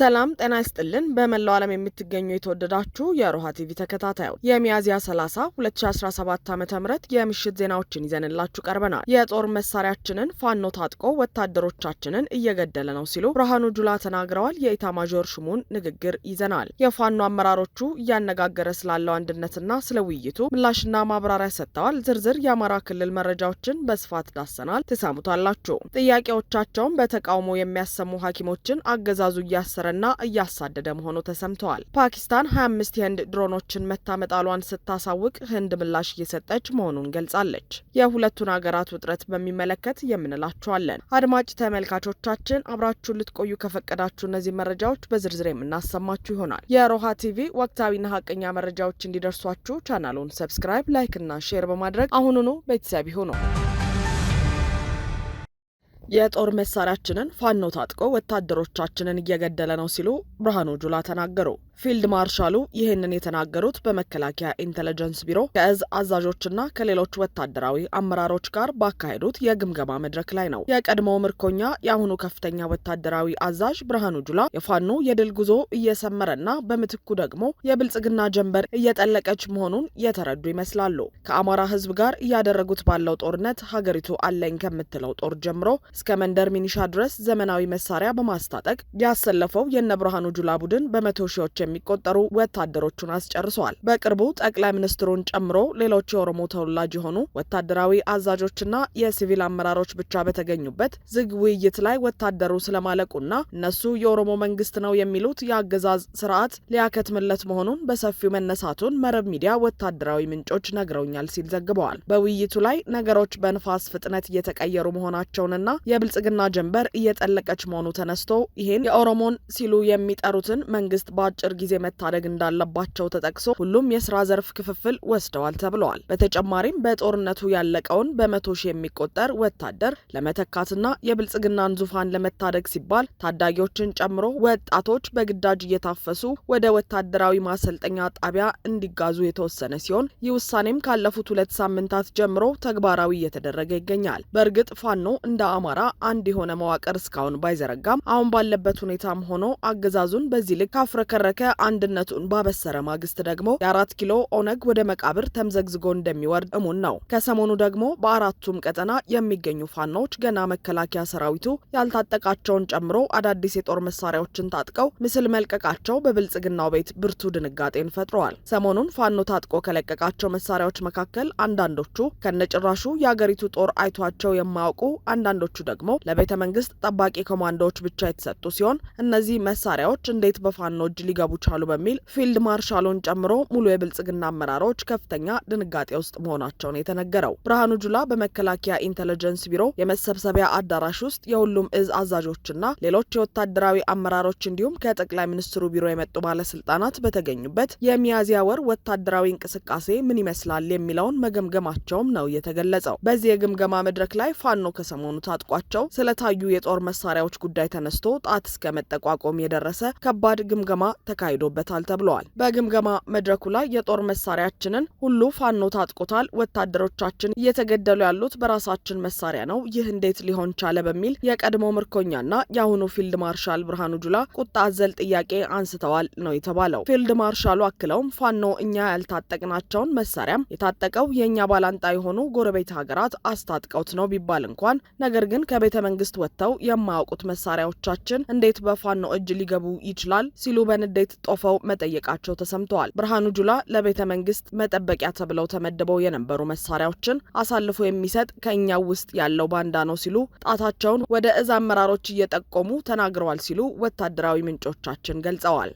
ሰላም ጤና ይስጥልን። በመላው ዓለም የምትገኙ የተወደዳችሁ የሮሃ ቲቪ ተከታታዩ የሚያዝያ 30 2017 ዓ ም የምሽት ዜናዎችን ይዘንላችሁ ቀርበናል። የጦር መሳሪያችንን ፋኖ ታጥቆ ወታደሮቻችንን እየገደለ ነው ሲሉ ብርሃኑ ጁላ ተናግረዋል። የኢታማዦር ሹሙን ንግግር ይዘናል። የፋኖ አመራሮቹ እያነጋገረ ስላለው አንድነትና ስለ ውይይቱ ምላሽና ማብራሪያ ሰጥተዋል። ዝርዝር የአማራ ክልል መረጃዎችን በስፋት ዳሰናል። ትሰሙታላችሁ። ጥያቄዎቻቸውን በተቃውሞ የሚያሰሙ ሐኪሞችን አገዛዙ እያሰረ እየጨመረና እያሳደደ መሆኑ ተሰምተዋል። ፓኪስታን 25 የህንድ ድሮኖችን መታመጣሏን ስታሳውቅ ህንድ ምላሽ እየሰጠች መሆኑን ገልጻለች። የሁለቱን ሀገራት ውጥረት በሚመለከት የምንላችኋለን። አድማጭ ተመልካቾቻችን አብራችሁ ልትቆዩ ከፈቀዳችሁ እነዚህ መረጃዎች በዝርዝር የምናሰማችሁ ይሆናል። የሮሃ ቲቪ ወቅታዊና ሀቀኛ መረጃዎች እንዲደርሷችሁ ቻናሉን ሰብስክራይብ፣ ላይክና ሼር በማድረግ አሁኑኑ ቤተሰብ ይሁኑ። የጦር መሳሪያችንን ፋኖ ታጥቆ ወታደሮቻችንን እየገደለ ነው ሲሉ ብርሃኑ ጁላ ተናገሩ። ፊልድ ማርሻሉ ይህንን የተናገሩት በመከላከያ ኢንቴለጀንስ ቢሮ ከእዝ አዛዦችና ከሌሎች ወታደራዊ አመራሮች ጋር ባካሄዱት የግምገማ መድረክ ላይ ነው። የቀድሞ ምርኮኛ የአሁኑ ከፍተኛ ወታደራዊ አዛዥ ብርሃኑ ጁላ የፋኖ የድል ጉዞ እየሰመረና በምትኩ ደግሞ የብልጽግና ጀንበር እየጠለቀች መሆኑን የተረዱ ይመስላሉ። ከአማራ ሕዝብ ጋር እያደረጉት ባለው ጦርነት ሀገሪቱ አለኝ ከምትለው ጦር ጀምሮ እስከ መንደር ሚኒሻ ድረስ ዘመናዊ መሳሪያ በማስታጠቅ ያሰለፈው የነ ብርሃኑ ጁላ ቡድን በመቶ ሺዎች የሚቆጠሩ ወታደሮቹን አስጨርሰዋል። በቅርቡ ጠቅላይ ሚኒስትሩን ጨምሮ ሌሎች የኦሮሞ ተወላጅ የሆኑ ወታደራዊ አዛዦችና የሲቪል አመራሮች ብቻ በተገኙበት ዝግ ውይይት ላይ ወታደሩ ስለማለቁና እነሱ የኦሮሞ መንግስት ነው የሚሉት የአገዛዝ ስርዓት ሊያከትምለት መሆኑን በሰፊው መነሳቱን መረብ ሚዲያ ወታደራዊ ምንጮች ነግረውኛል ሲል ዘግበዋል። በውይይቱ ላይ ነገሮች በንፋስ ፍጥነት እየተቀየሩ መሆናቸውንና የብልጽግና ጀንበር እየጠለቀች መሆኑ ተነስቶ ይህን የኦሮሞን ሲሉ የሚጠሩትን መንግስት በአጭር በአጭር ጊዜ መታደግ እንዳለባቸው ተጠቅሶ ሁሉም የስራ ዘርፍ ክፍፍል ወስደዋል ተብለዋል። በተጨማሪም በጦርነቱ ያለቀውን በመቶ ሺህ የሚቆጠር ወታደር ለመተካትና የብልጽግናን ዙፋን ለመታደግ ሲባል ታዳጊዎችን ጨምሮ ወጣቶች በግዳጅ እየታፈሱ ወደ ወታደራዊ ማሰልጠኛ ጣቢያ እንዲጋዙ የተወሰነ ሲሆን ይህ ውሳኔም ካለፉት ሁለት ሳምንታት ጀምሮ ተግባራዊ እየተደረገ ይገኛል። በእርግጥ ፋኖ እንደ አማራ አንድ የሆነ መዋቅር እስካሁን ባይዘረጋም አሁን ባለበት ሁኔታም ሆኖ አገዛዙን በዚህ ልክ አፍረከረከ አርከ አንድነቱን ባበሰረ ማግስት ደግሞ የአራት ኪሎ ኦነግ ወደ መቃብር ተምዘግዝጎ እንደሚወርድ እሙን ነው። ከሰሞኑ ደግሞ በአራቱም ቀጠና የሚገኙ ፋኖዎች ገና መከላከያ ሰራዊቱ ያልታጠቃቸውን ጨምሮ አዳዲስ የጦር መሳሪያዎችን ታጥቀው ምስል መልቀቃቸው በብልጽግናው ቤት ብርቱ ድንጋጤን ፈጥረዋል። ሰሞኑን ፋኖ ታጥቆ ከለቀቃቸው መሳሪያዎች መካከል አንዳንዶቹ ከነጭራሹ የአገሪቱ ጦር አይቷቸው የማያውቁ አንዳንዶቹ ደግሞ ለቤተ መንግስት ጠባቂ ኮማንዶዎች ብቻ የተሰጡ ሲሆን እነዚህ መሳሪያዎች እንዴት በፋኖ እጅ ሊገቡ ሊገቡ ቻሉ በሚል ፊልድ ማርሻሉን ጨምሮ ሙሉ የብልጽግና አመራሮች ከፍተኛ ድንጋጤ ውስጥ መሆናቸውን የተነገረው ብርሃኑ ጁላ በመከላከያ ኢንቴልጀንስ ቢሮ የመሰብሰቢያ አዳራሽ ውስጥ የሁሉም እዝ አዛዦችና ሌሎች የወታደራዊ አመራሮች እንዲሁም ከጠቅላይ ሚኒስትሩ ቢሮ የመጡ ባለስልጣናት በተገኙበት የሚያዝያ ወር ወታደራዊ እንቅስቃሴ ምን ይመስላል የሚለውን መገምገማቸውም ነው የተገለጸው። በዚህ የግምገማ መድረክ ላይ ፋኖ ከሰሞኑ ታጥቋቸው ስለታዩ የጦር መሳሪያዎች ጉዳይ ተነስቶ ጣት እስከ መጠቋቆም የደረሰ ከባድ ግምገማ ተ ተካሂዶበታል ተብለዋል። በግምገማ መድረኩ ላይ የጦር መሳሪያችንን ሁሉ ፋኖ ታጥቆታል፣ ወታደሮቻችን እየተገደሉ ያሉት በራሳችን መሳሪያ ነው፣ ይህ እንዴት ሊሆን ቻለ በሚል የቀድሞ ምርኮኛና የአሁኑ ፊልድ ማርሻል ብርሃኑ ጁላ ቁጣ አዘል ጥያቄ አንስተዋል ነው የተባለው። ፊልድ ማርሻሉ አክለውም ፋኖ እኛ ያልታጠቅናቸውን መሳሪያም የታጠቀው የእኛ ባላንጣ የሆኑ ጎረቤት ሀገራት አስታጥቀውት ነው ቢባል እንኳን ነገር ግን ከቤተ መንግስት ወጥተው የማያውቁት መሳሪያዎቻችን እንዴት በፋኖ እጅ ሊገቡ ይችላል ሲሉ በንዴት ጦፈው መጠየቃቸው ተሰምተዋል። ብርሃኑ ጁላ ለቤተ መንግስት መጠበቂያ ተብለው ተመድበው የነበሩ መሳሪያዎችን አሳልፎ የሚሰጥ ከእኛው ውስጥ ያለው ባንዳ ነው ሲሉ ጣታቸውን ወደ እዝ አመራሮች እየጠቆሙ ተናግረዋል ሲሉ ወታደራዊ ምንጮቻችን ገልጸዋል።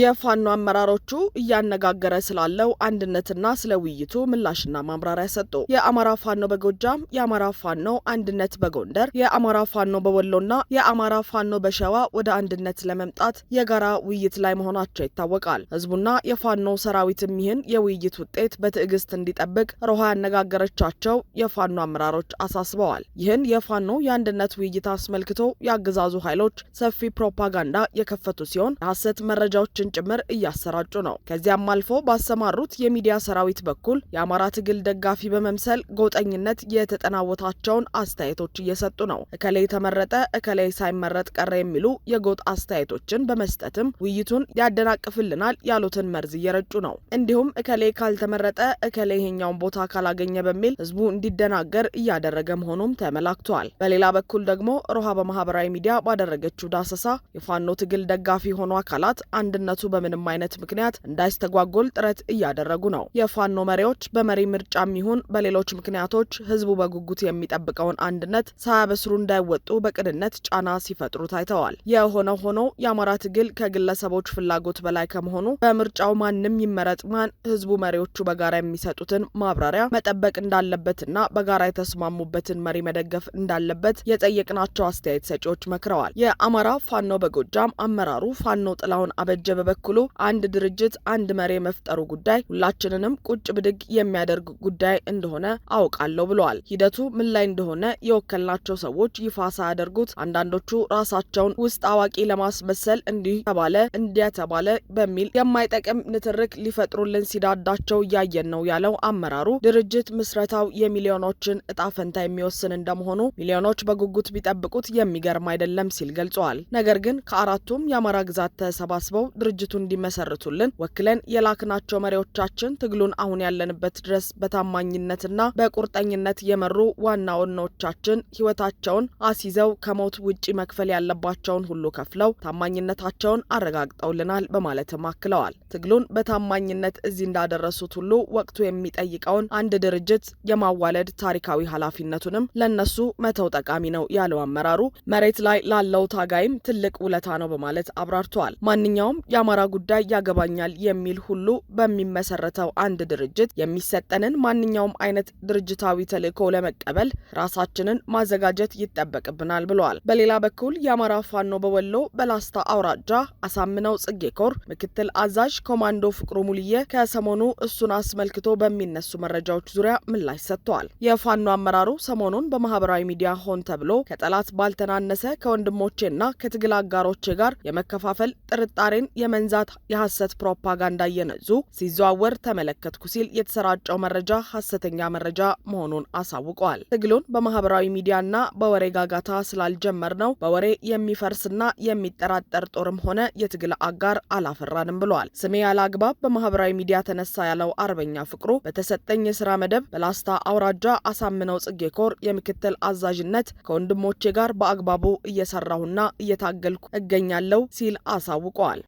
የፋኖ አመራሮቹ እያነጋገረ ስላለው አንድነትና ስለ ውይይቱ ምላሽና ማምራሪያ ሰጡ። የአማራ ፋኖ በጎጃም፣ የአማራ ፋኖ አንድነት በጎንደር፣ የአማራ ፋኖ በወሎና የአማራ ፋኖ በሸዋ ወደ አንድነት ለመምጣት የጋራ ውይይት ላይ መሆናቸው ይታወቃል። ህዝቡና የፋኖ ሰራዊትም ይህን የውይይት ውጤት በትዕግስት እንዲጠብቅ ሮሃ ያነጋገረቻቸው የፋኖ አመራሮች አሳስበዋል። ይህን የፋኖ የአንድነት ውይይት አስመልክቶ የአገዛዙ ኃይሎች ሰፊ ፕሮፓጋንዳ የከፈቱ ሲሆን የሐሰት መረጃዎች መረጃዎችን ጭምር እያሰራጩ ነው። ከዚያም አልፎ ባሰማሩት የሚዲያ ሰራዊት በኩል የአማራ ትግል ደጋፊ በመምሰል ጎጠኝነት የተጠናወታቸውን አስተያየቶች እየሰጡ ነው። እከሌ የተመረጠ እከሌ ሳይመረጥ ቀረ የሚሉ የጎጥ አስተያየቶችን በመስጠትም ውይይቱን ያደናቅፍልናል ያሉትን መርዝ እየረጩ ነው። እንዲሁም እከሌ ካልተመረጠ እከሌ ይሄኛውን ቦታ ካላገኘ በሚል ህዝቡ እንዲደናገር እያደረገ መሆኑም ተመላክቷል። በሌላ በኩል ደግሞ ሮሃ በማህበራዊ ሚዲያ ባደረገችው ዳሰሳ የፋኖ ትግል ደጋፊ የሆኑ አካላት አንድነት ጥረቱ በምንም አይነት ምክንያት እንዳይስተጓጎል ጥረት እያደረጉ ነው። የፋኖ መሪዎች በመሪ ምርጫም ይሁን በሌሎች ምክንያቶች ህዝቡ በጉጉት የሚጠብቀውን አንድነት ሳያበስሩ እንዳይወጡ በቅንነት ጫና ሲፈጥሩ ታይተዋል። የሆነ ሆኖ የአማራ ትግል ከግለሰቦች ፍላጎት በላይ ከመሆኑ በምርጫው ማንም ይመረጥ ማን ህዝቡ መሪዎቹ በጋራ የሚሰጡትን ማብራሪያ መጠበቅ እንዳለበትና በጋራ የተስማሙበትን መሪ መደገፍ እንዳለበት የጠየቅናቸው አስተያየት ሰጪዎች መክረዋል። የአማራ ፋኖ በጎጃም አመራሩ ፋኖ ጥላሁን አበጀ በበኩሉ አንድ ድርጅት አንድ መሪ የመፍጠሩ ጉዳይ ሁላችንንም ቁጭ ብድግ የሚያደርግ ጉዳይ እንደሆነ አውቃለሁ ብለዋል። ሂደቱ ምን ላይ እንደሆነ የወከልናቸው ሰዎች ይፋ ሳያደርጉት አንዳንዶቹ ራሳቸውን ውስጥ አዋቂ ለማስመሰል እንዲህ ተባለ እንዲያ ተባለ በሚል የማይጠቅም ንትርክ ሊፈጥሩልን ሲዳዳቸው እያየን ነው ያለው አመራሩ ድርጅት ምስረታው የሚሊዮኖችን እጣ ፈንታ የሚወስን እንደመሆኑ ሚሊዮኖች በጉጉት ቢጠብቁት የሚገርም አይደለም ሲል ገልጸዋል። ነገር ግን ከአራቱም የአማራ ግዛት ተሰባስበው ድርጅቱን እንዲመሰርቱልን ወክለን የላክናቸው መሪዎቻችን ትግሉን አሁን ያለንበት ድረስ በታማኝነትና በቁርጠኝነት የመሩ ዋና ወናዎቻችን ህይወታቸውን አስይዘው ከሞት ውጪ መክፈል ያለባቸውን ሁሉ ከፍለው ታማኝነታቸውን አረጋግጠውልናል በማለትም አክለዋል። ትግሉን በታማኝነት እዚህ እንዳደረሱት ሁሉ ወቅቱ የሚጠይቀውን አንድ ድርጅት የማዋለድ ታሪካዊ ኃላፊነቱንም ለነሱ መተው ጠቃሚ ነው ያለው አመራሩ መሬት ላይ ላለው ታጋይም ትልቅ ውለታ ነው በማለት አብራርተዋል። ማንኛውም የአማራ ጉዳይ ያገባኛል የሚል ሁሉ በሚመሰረተው አንድ ድርጅት የሚሰጠንን ማንኛውም አይነት ድርጅታዊ ተልእኮ ለመቀበል ራሳችንን ማዘጋጀት ይጠበቅብናል ብለዋል። በሌላ በኩል የአማራ ፋኖ በወሎ በላስታ አውራጃ አሳምነው ጽጌ ኮር ምክትል አዛዥ ኮማንዶ ፍቅሩ ሙልዬ ከሰሞኑ እሱን አስመልክቶ በሚነሱ መረጃዎች ዙሪያ ምላሽ ሰጥተዋል። የፋኖ አመራሩ ሰሞኑን በማህበራዊ ሚዲያ ሆን ተብሎ ከጠላት ባልተናነሰ ከወንድሞቼና ከትግል አጋሮቼ ጋር የመከፋፈል ጥርጣሬን የመንዛት የሐሰት ፕሮፓጋንዳ እየነዙ ሲዘዋወር ተመለከትኩ ሲል የተሰራጨው መረጃ ሐሰተኛ መረጃ መሆኑን አሳውቀዋል። ትግሉን በማህበራዊ ሚዲያና በወሬ ጋጋታ ስላልጀመር ነው በወሬ የሚፈርስና የሚጠራጠር ጦርም ሆነ የትግል አጋር አላፈራንም ብለዋል። ስሜ ያለ አግባብ በማህበራዊ ሚዲያ ተነሳ ያለው አርበኛ ፍቅሩ በተሰጠኝ የስራ መደብ በላስታ አውራጃ አሳምነው ጽጌ ኮር የምክትል አዛዥነት ከወንድሞቼ ጋር በአግባቡ እየሰራሁና እየታገልኩ እገኛለሁ ሲል አሳውቀዋል።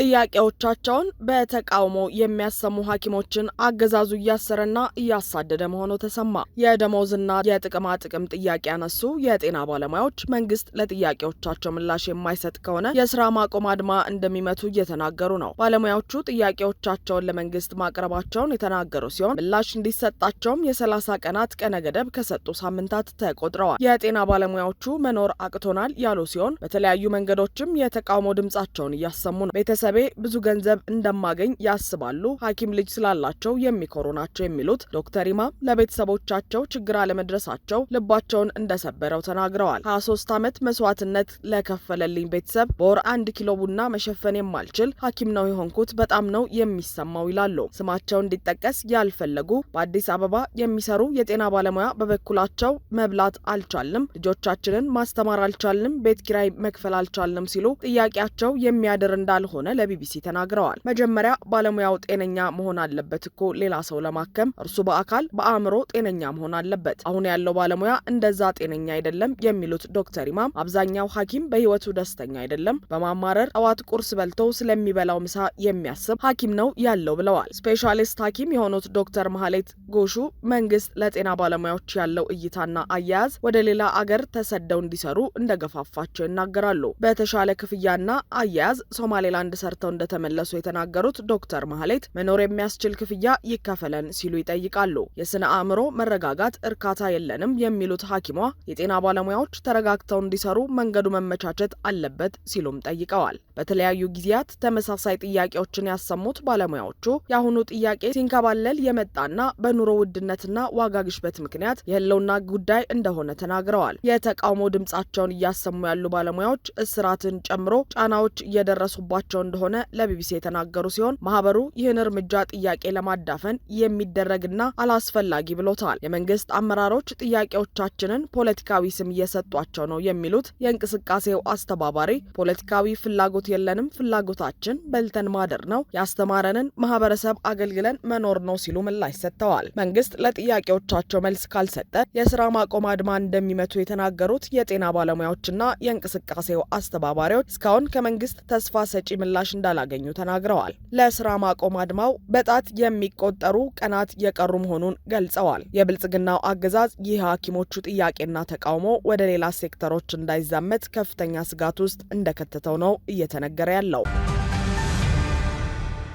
ጥያቄዎቻቸውን በተቃውሞ የሚያሰሙ ሐኪሞችን አገዛዙ እያሰረና እያሳደደ መሆኑ ተሰማ። የደሞዝና የጥቅማ ጥቅም ጥያቄ ያነሱ የጤና ባለሙያዎች መንግስት ለጥያቄዎቻቸው ምላሽ የማይሰጥ ከሆነ የስራ ማቆም አድማ እንደሚመቱ እየተናገሩ ነው። ባለሙያዎቹ ጥያቄዎቻቸውን ለመንግስት ማቅረባቸውን የተናገሩ ሲሆን ምላሽ እንዲሰጣቸውም የሰላሳ ቀናት ቀነ ገደብ ከሰጡ ሳምንታት ተቆጥረዋል። የጤና ባለሙያዎቹ መኖር አቅቶናል ያሉ ሲሆን በተለያዩ መንገዶችም የተቃውሞ ድምጻቸውን እያሰሙ ነው። ቤተሰቤ ብዙ ገንዘብ እንደማገኝ ያስባሉ። ሐኪም ልጅ ስላላቸው የሚኮሩ ናቸው የሚሉት ዶክተር ኢማም ለቤተሰቦቻቸው ችግር አለመድረሳቸው ልባቸውን እንደሰበረው ተናግረዋል። 23 ዓመት መስዋዕትነት ለከፈለልኝ ቤተሰብ በወር አንድ ኪሎ ቡና መሸፈን የማልችል ሐኪም ነው የሆንኩት። በጣም ነው የሚሰማው ይላሉ። ስማቸው እንዲጠቀስ ያልፈለጉ በአዲስ አበባ የሚሰሩ የጤና ባለሙያ በበኩላቸው መብላት አልቻልንም፣ ልጆቻችንን ማስተማር አልቻልንም፣ ቤት ኪራይ መክፈል አልቻልንም ሲሉ ጥያቄያቸው የሚያድር እንዳልሆነ ለቢቢሲ ተናግረዋል። መጀመሪያ ባለሙያው ጤነኛ መሆን አለበት እኮ ሌላ ሰው ለማከም እርሱ በአካል በአእምሮ ጤነኛ መሆን አለበት። አሁን ያለው ባለሙያ እንደዛ ጤነኛ አይደለም የሚሉት ዶክተር ኢማም አብዛኛው ሐኪም በህይወቱ ደስተኛ አይደለም። በማማረር ጠዋት ቁርስ በልተው ስለሚበላው ምሳ የሚያስብ ሐኪም ነው ያለው ብለዋል። ስፔሻሊስት ሐኪም የሆኑት ዶክተር መሐሌት ጎሹ መንግስት ለጤና ባለሙያዎች ያለው እይታና አያያዝ ወደ ሌላ አገር ተሰደው እንዲሰሩ እንደገፋፋቸው ይናገራሉ። በተሻለ ክፍያና አያያዝ ሶማሌላንድ ሰርተው እንደተመለሱ የተናገሩት ዶክተር ማህሌት መኖር የሚያስችል ክፍያ ይከፈለን ሲሉ ይጠይቃሉ። የስነ አእምሮ መረጋጋት እርካታ የለንም የሚሉት ሐኪሟ የጤና ባለሙያዎች ተረጋግተው እንዲሰሩ መንገዱ መመቻቸት አለበት ሲሉም ጠይቀዋል። በተለያዩ ጊዜያት ተመሳሳይ ጥያቄዎችን ያሰሙት ባለሙያዎቹ የአሁኑ ጥያቄ ሲንከባለል የመጣና በኑሮ ውድነትና ዋጋ ግሽበት ምክንያት የህልውና ጉዳይ እንደሆነ ተናግረዋል። የተቃውሞ ድምጻቸውን እያሰሙ ያሉ ባለሙያዎች እስራትን ጨምሮ ጫናዎች እየደረሱባቸው እንደሆነ ለቢቢሲ የተናገሩ ሲሆን ማህበሩ ይህን እርምጃ ጥያቄ ለማዳፈን የሚደረግና አላስፈላጊ ብሎታል። የመንግስት አመራሮች ጥያቄዎቻችንን ፖለቲካዊ ስም እየሰጧቸው ነው የሚሉት የእንቅስቃሴው አስተባባሪ ፖለቲካዊ ፍላጎት የለንም፣ ፍላጎታችን በልተን ማደር ነው፣ ያስተማረንን ማህበረሰብ አገልግለን መኖር ነው ሲሉ ምላሽ ሰጥተዋል። መንግስት ለጥያቄዎቻቸው መልስ ካልሰጠ የስራ ማቆም አድማ እንደሚመቱ የተናገሩት የጤና ባለሙያዎችና የእንቅስቃሴው አስተባባሪዎች እስካሁን ከመንግስት ተስፋ ሰጪ ምላሽ ምላሽ እንዳላገኙ ተናግረዋል። ለስራ ማቆም አድማው በጣት የሚቆጠሩ ቀናት የቀሩ መሆኑን ገልጸዋል። የብልጽግናው አገዛዝ ይህ ሐኪሞቹ ጥያቄና ተቃውሞ ወደ ሌላ ሴክተሮች እንዳይዛመት ከፍተኛ ስጋት ውስጥ እንደከተተው ነው እየተነገረ ያለው።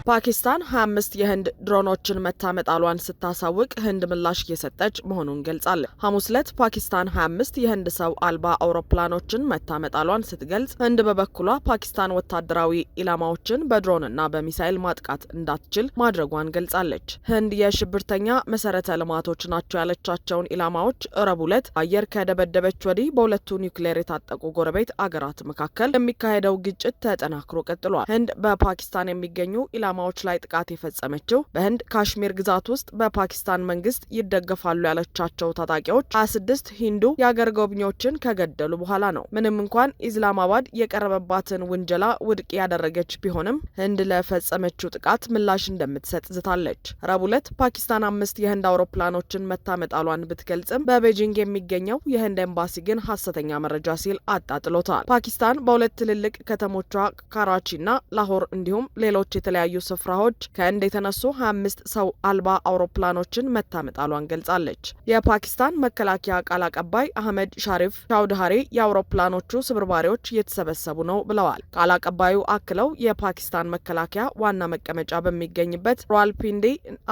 ፓኪስታን 25 የህንድ ድሮኖችን መታመጣሏን ስታሳውቅ ህንድ ምላሽ እየሰጠች መሆኑን ገልጻለች። ሐሙስ ዕለት ፓኪስታን 25 የህንድ ሰው አልባ አውሮፕላኖችን መታመጣሏን ስትገልጽ፣ ህንድ በበኩሏ ፓኪስታን ወታደራዊ ኢላማዎችን በድሮንና በሚሳይል ማጥቃት እንዳትችል ማድረጓን ገልጻለች። ህንድ የሽብርተኛ መሰረተ ልማቶች ናቸው ያለቻቸውን ኢላማዎች ረቡዕ ዕለት አየር ከደበደበች ወዲህ በሁለቱ ኒውክሌር የታጠቁ ጎረቤት አገራት መካከል የሚካሄደው ግጭት ተጠናክሮ ቀጥሏል። ህንድ በፓኪስታን የሚገኙ ኢላማ ኢላማዎች ላይ ጥቃት የፈጸመችው በህንድ ካሽሚር ግዛት ውስጥ በፓኪስታን መንግስት ይደገፋሉ ያለቻቸው ታጣቂዎች 26 ሂንዱ የአገር ጎብኚዎችን ከገደሉ በኋላ ነው። ምንም እንኳን ኢስላማባድ የቀረበባትን ውንጀላ ውድቅ ያደረገች ቢሆንም ህንድ ለፈጸመችው ጥቃት ምላሽ እንደምትሰጥ ዝታለች። ረቡዕ ዕለት ፓኪስታን አምስት የህንድ አውሮፕላኖችን መታመጣሏን ብትገልጽም በቤጂንግ የሚገኘው የህንድ ኤምባሲ ግን ሀሰተኛ መረጃ ሲል አጣጥሎታል። ፓኪስታን በሁለት ትልልቅ ከተሞቿ ካራቺና ላሆር እንዲሁም ሌሎች የተለያዩ ስፍራዎች ከህንድ የተነሱ ሀያ አምስት ሰው አልባ አውሮፕላኖችን መታመጣሏን ገልጻለች። የፓኪስታን መከላከያ ቃል አቀባይ አህመድ ሻሪፍ ሻውድሃሪ የአውሮፕላኖቹ ስብርባሪዎች እየተሰበሰቡ ነው ብለዋል። ቃል አቀባዩ አክለው የፓኪስታን መከላከያ ዋና መቀመጫ በሚገኝበት ራዋልፒንዲ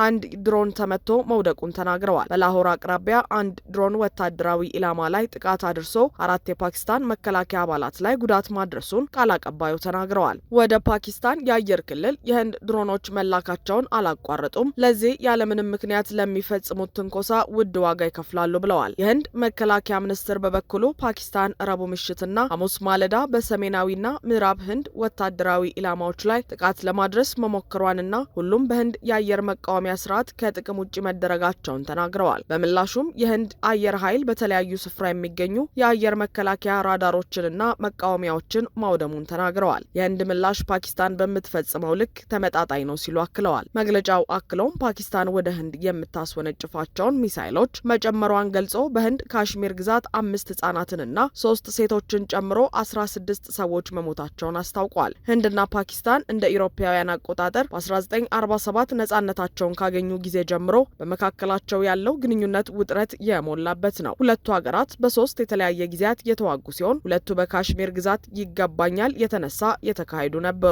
አንድ ድሮን ተመቶ መውደቁን ተናግረዋል። በላሆር አቅራቢያ አንድ ድሮን ወታደራዊ ኢላማ ላይ ጥቃት አድርሶ አራት የፓኪስታን መከላከያ አባላት ላይ ጉዳት ማድረሱን ቃል አቀባዩ ተናግረዋል። ወደ ፓኪስታን የአየር ክልል የህንድ ድሮኖች መላካቸውን አላቋረጡም። ለዚህ ያለምንም ምክንያት ለሚፈጽሙት ትንኮሳ ውድ ዋጋ ይከፍላሉ ብለዋል። የህንድ መከላከያ ሚኒስትር በበኩሉ ፓኪስታን ረቡዕ ምሽትና ሐሙስ ማለዳ በሰሜናዊና ምዕራብ ህንድ ወታደራዊ ኢላማዎች ላይ ጥቃት ለማድረስ መሞከሯንና ሁሉም በህንድ የአየር መቃወሚያ ስርዓት ከጥቅም ውጭ መደረጋቸውን ተናግረዋል። በምላሹም የህንድ አየር ኃይል በተለያዩ ስፍራ የሚገኙ የአየር መከላከያ ራዳሮችንና መቃወሚያዎችን ማውደሙን ተናግረዋል። የህንድ ምላሽ ፓኪስታን በምትፈጽመው ልክ ተመጣጣኝ ነው ሲሉ አክለዋል። መግለጫው አክለውም ፓኪስታን ወደ ህንድ የምታስወነጭፋቸውን ሚሳይሎች መጨመሯን ገልጾ በህንድ ካሽሚር ግዛት አምስት ህጻናትንና ሶስት ሴቶችን ጨምሮ አስራ ስድስት ሰዎች መሞታቸውን አስታውቋል። ህንድና ፓኪስታን እንደ ኢሮፓውያን አቆጣጠር በ1947 ነጻነታቸውን ካገኙ ጊዜ ጀምሮ በመካከላቸው ያለው ግንኙነት ውጥረት የሞላበት ነው። ሁለቱ ሀገራት በሶስት የተለያየ ጊዜያት የተዋጉ ሲሆን ሁለቱ በካሽሚር ግዛት ይገባኛል የተነሳ የተካሄዱ ነበሩ።